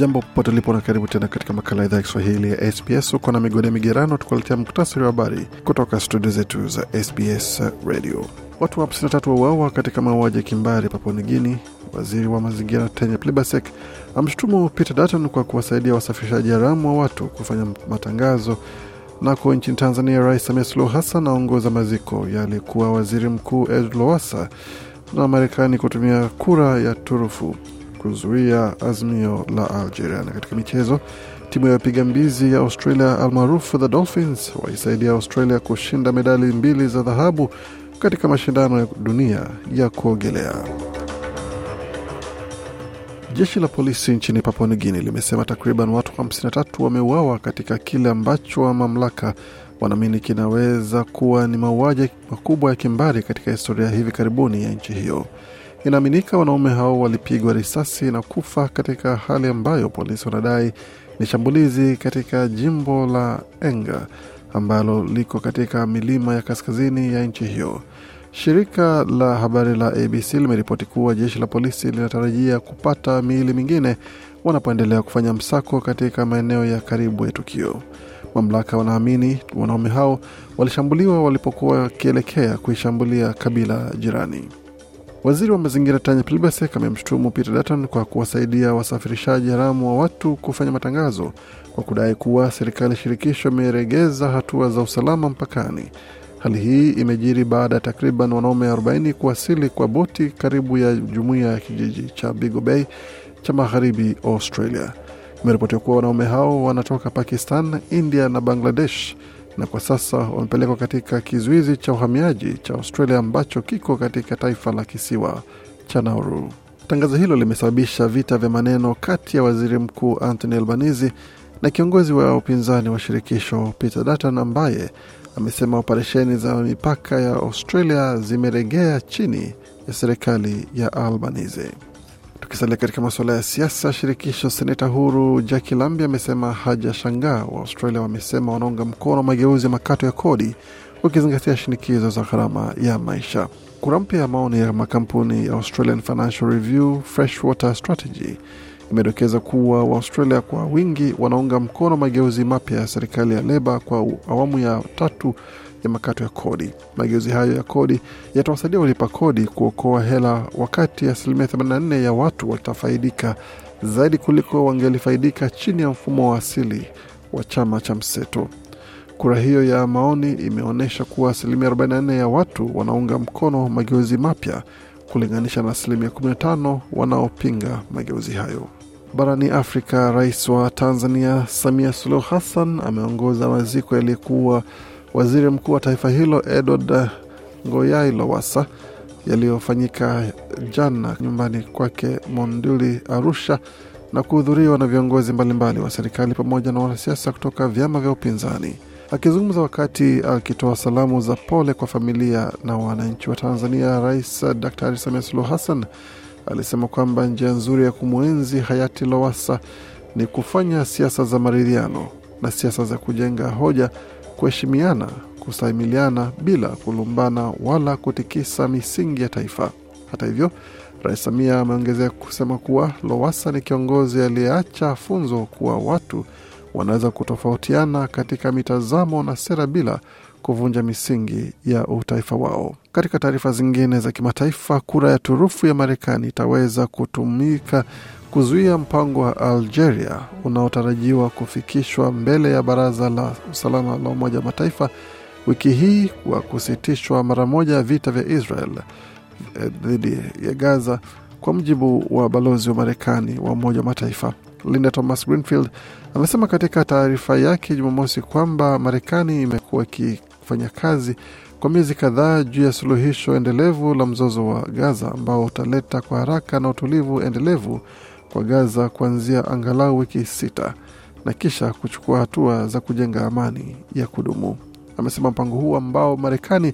Jambo popote ulipo na karibu tena katika makala idhaa ya Kiswahili ya SBS. Huko na migode migerano, tukualetea muktasari wa habari kutoka studio zetu za SBS Radio. Watu 53 wauawa katika mauaji ya kimbari Papua New Waziri wa mazingira Tanya Plibersek amshutumu Peter Dutton kwa kuwasaidia wasafirishaji haramu wa watu kufanya matangazo. Nako nchini Tanzania, Rais Samia Suluhu Hassan aongoza maziko ya aliyekuwa waziri mkuu Ed Lowassa na Marekani kutumia kura ya turufu kuzuia azimio la Algeria. Na katika michezo, timu ya wapiga mbizi ya Australia almaarufu the Dolphins waisaidia Australia kushinda medali mbili za dhahabu katika mashindano ya dunia ya kuogelea. Jeshi la polisi nchini Papua New Guinea limesema takriban watu 53 wameuawa katika kile ambacho wa mamlaka wanaamini kinaweza kuwa ni mauaji makubwa ya kimbari katika historia hivi karibuni ya nchi hiyo. Inaaminika wanaume hao walipigwa risasi na kufa katika hali ambayo polisi wanadai ni shambulizi katika jimbo la Enga ambalo liko katika milima ya kaskazini ya nchi hiyo. Shirika la habari la ABC limeripoti kuwa jeshi la polisi linatarajia kupata miili mingine wanapoendelea kufanya msako katika maeneo ya karibu ya tukio. Mamlaka wanaamini wanaume hao walishambuliwa walipokuwa wakielekea kuishambulia kabila jirani. Waziri wa mazingira Tanya Plibersek amemshutumu Peter Dutton kwa kuwasaidia wasafirishaji haramu wa watu kufanya matangazo kwa kudai kuwa serikali shirikisho imeregeza hatua za usalama mpakani. Hali hii imejiri baada ya takriban wanaume 40 kuwasili kwa boti karibu ya jumuiya ya kijiji cha Bigo Bay cha magharibi Australia. Imeripotiwa kuwa wanaume hao wanatoka Pakistan, India na Bangladesh na kwa sasa wamepelekwa katika kizuizi cha uhamiaji cha Australia ambacho kiko katika taifa la kisiwa cha Nauru. Tangazo hilo limesababisha vita vya maneno kati ya waziri mkuu Anthony Albanese na kiongozi wa upinzani wa shirikisho Peter Dutton ambaye amesema operesheni za mipaka ya Australia zimeregea chini ya serikali ya Albanese. Tukisalia katika masuala ya siasa, shirikisho seneta huru Jaki Lambi amesema hajashangaa Waaustralia wamesema wanaunga mkono mageuzi ya makato ya kodi ukizingatia shinikizo za gharama ya maisha. Kura mpya ya maoni ya makampuni Australian Financial Review Freshwater Strategy imedokeza kuwa Waaustralia kwa wingi wanaunga mkono mageuzi mapya ya serikali ya Leba kwa awamu ya tatu ya makato ya kodi. Mageuzi hayo ya kodi yatawasaidia walipa kodi kuokoa hela, wakati asilimia 84 ya watu watafaidika zaidi kuliko wangelifaidika chini ya mfumo wa asili wa chama cha mseto. Kura hiyo ya maoni imeonyesha kuwa asilimia 44 ya watu wanaunga mkono mageuzi mapya kulinganisha na asilimia 15 wanaopinga mageuzi hayo. Barani Afrika, rais wa Tanzania Samia Suluhu Hassan ameongoza maziko yaliyekuwa waziri mkuu wa taifa hilo Edward Ngoyai Lowassa yaliyofanyika jana nyumbani kwake Monduli, Arusha, na kuhudhuriwa na viongozi mbalimbali wa serikali pamoja na wanasiasa kutoka vyama vya upinzani. Akizungumza wakati akitoa salamu za pole kwa familia na wananchi wa Tanzania, Rais Daktari Samia Suluhu Hassan alisema kwamba njia nzuri ya kumwenzi hayati Lowassa ni kufanya siasa za maridhiano na siasa za kujenga hoja, kuheshimiana, kustahimiliana bila kulumbana wala kutikisa misingi ya taifa. Hata hivyo, Rais Samia ameongezea kusema kuwa Lowassa ni kiongozi aliyeacha funzo kuwa watu wanaweza kutofautiana katika mitazamo na sera bila kuvunja misingi ya utaifa wao. Katika taarifa zingine za kimataifa, kura ya turufu ya Marekani itaweza kutumika kuzuia mpango wa Algeria unaotarajiwa kufikishwa mbele ya Baraza la Usalama la Umoja wa Mataifa wiki hii wa kusitishwa mara moja vita vya Israel eh, dhidi ya Gaza, kwa mujibu wa balozi wa Marekani wa Umoja wa Mataifa. Linda Thomas Greenfield amesema katika taarifa yake Jumamosi kwamba Marekani imekuwa ikifanya kazi kwa miezi kadhaa juu ya suluhisho endelevu la mzozo wa Gaza ambao utaleta kwa haraka na utulivu endelevu kwa Gaza kuanzia angalau wiki sita na kisha kuchukua hatua za kujenga amani ya kudumu. Amesema mpango huu ambao Marekani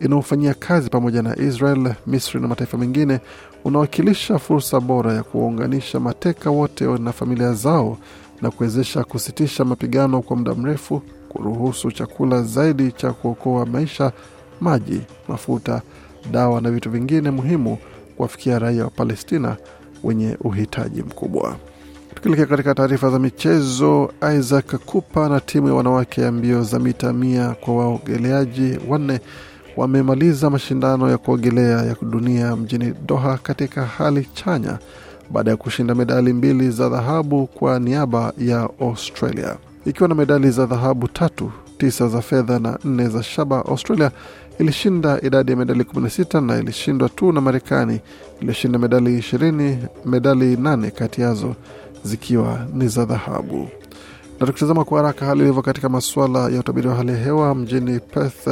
inaofanyia kazi pamoja na Israel, Misri na mataifa mengine unawakilisha fursa bora ya kuwaunganisha mateka wote na familia zao na kuwezesha kusitisha mapigano kwa muda mrefu, kuruhusu chakula zaidi cha kuokoa maisha, maji, mafuta, dawa na vitu vingine muhimu kuwafikia raia wa Palestina wenye uhitaji mkubwa. Tukielekea katika taarifa za michezo, Isaac Kupa na timu ya wanawake ya mbio za mita mia kwa waogeleaji wanne wamemaliza mashindano ya kuogelea ya dunia mjini Doha katika hali chanya baada ya kushinda medali mbili za dhahabu kwa niaba ya Australia, ikiwa na medali za dhahabu tatu, tisa za fedha na nne za shaba. Australia ilishinda idadi ya medali 16 na ilishindwa tu na Marekani iliyoshinda medali 20, medali nane kati yazo zikiwa ni za dhahabu. Na tukitazama kwa haraka hali ilivyo katika masuala ya utabiri wa hali ya hewa mjini Perth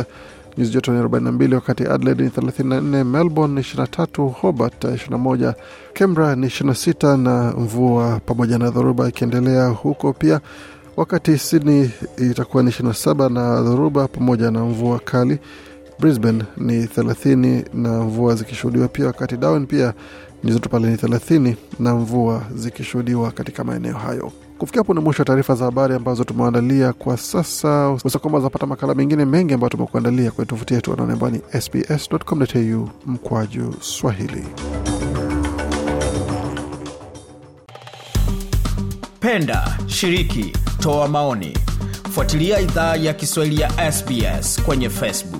nyuzi joto ni 42, wakati Adelaide ni 34, Melbourne ni 23, Hobart 21, Canberra ni 26, na mvua pamoja na dhoruba ikiendelea huko pia, wakati Sydney itakuwa ni 27 na dhoruba pamoja na mvua kali. Brisbane ni 30 na mvua zikishuhudiwa pia, wakati Darwin pia nyuzi joto pale ni 30 na mvua zikishuhudiwa katika maeneo hayo. Kufikia hapo ni mwisho wa taarifa za habari ambazo tumeandalia kwa sasa. Usa kwamba zapata makala mengine mengi ambayo tumekuandalia kwenye tovuti yetu anaonembani ni sbs.com.au mkwaju Swahili. Penda, shiriki, toa maoni, fuatilia idhaa ya Kiswahili ya SBS kwenye Facebook.